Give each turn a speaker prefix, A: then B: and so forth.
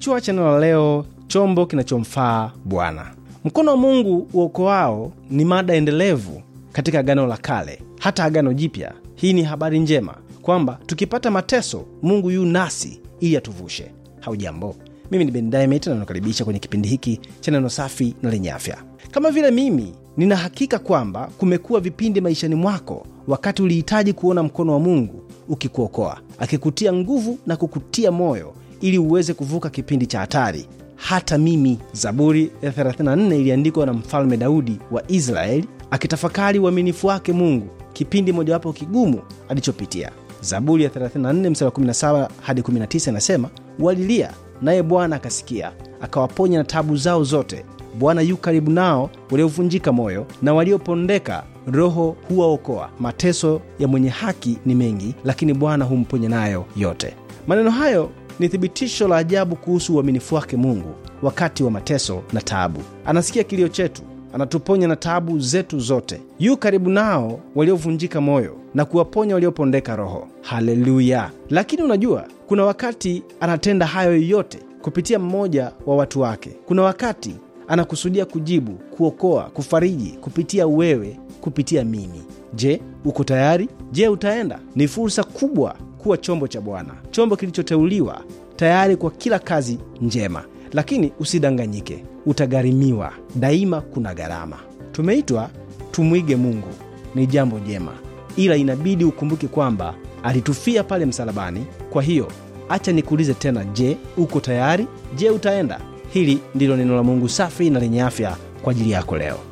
A: Kichwa cha neno la leo, chombo kinachomfaa Bwana. Mkono wa Mungu uokoao ni mada endelevu katika Agano la Kale hata Agano Jipya. Hii ni habari njema kwamba tukipata mateso, Mungu yu nasi ili atuvushe. hau jambo mimi ni Ben na nakaribisha kwenye kipindi hiki cha neno safi na lenye afya. Kama vile mimi nina hakika kwamba kumekuwa vipindi maishani mwako wakati ulihitaji kuona mkono wa Mungu ukikuokoa, akikutia nguvu na kukutia moyo ili uweze kuvuka kipindi cha hatari hata mimi zaburi ya 34 iliandikwa na mfalme daudi wa israeli akitafakari uaminifu wake mungu kipindi mojawapo kigumu alichopitia zaburi ya 34 mstari 17 hadi 19 inasema walilia naye bwana akasikia akawaponya na tabu zao zote bwana yu karibu nao waliovunjika moyo na waliopondeka roho huwaokoa mateso ya mwenye haki ni mengi lakini bwana humponya nayo yote maneno hayo ni thibitisho la ajabu kuhusu uaminifu wake Mungu wakati wa mateso na taabu. Anasikia kilio chetu, anatuponya na taabu zetu zote. Yu karibu nao waliovunjika moyo na kuwaponya waliopondeka roho. Haleluya! Lakini unajua, kuna wakati anatenda hayo yote kupitia mmoja wa watu wake. Kuna wakati anakusudia kujibu, kuokoa, kufariji kupitia wewe, kupitia mimi. Je, uko tayari? Je, utaenda? Ni fursa kubwa kuwa chombo cha Bwana, chombo kilichoteuliwa tayari kwa kila kazi njema. Lakini usidanganyike, utagharimiwa. Daima kuna gharama. Tumeitwa tumwige Mungu, ni jambo jema, ila inabidi ukumbuke kwamba alitufia pale msalabani. Kwa hiyo acha nikuulize tena, je, uko tayari? Je, utaenda? Hili ndilo neno la Mungu safi na lenye afya kwa ajili yako leo.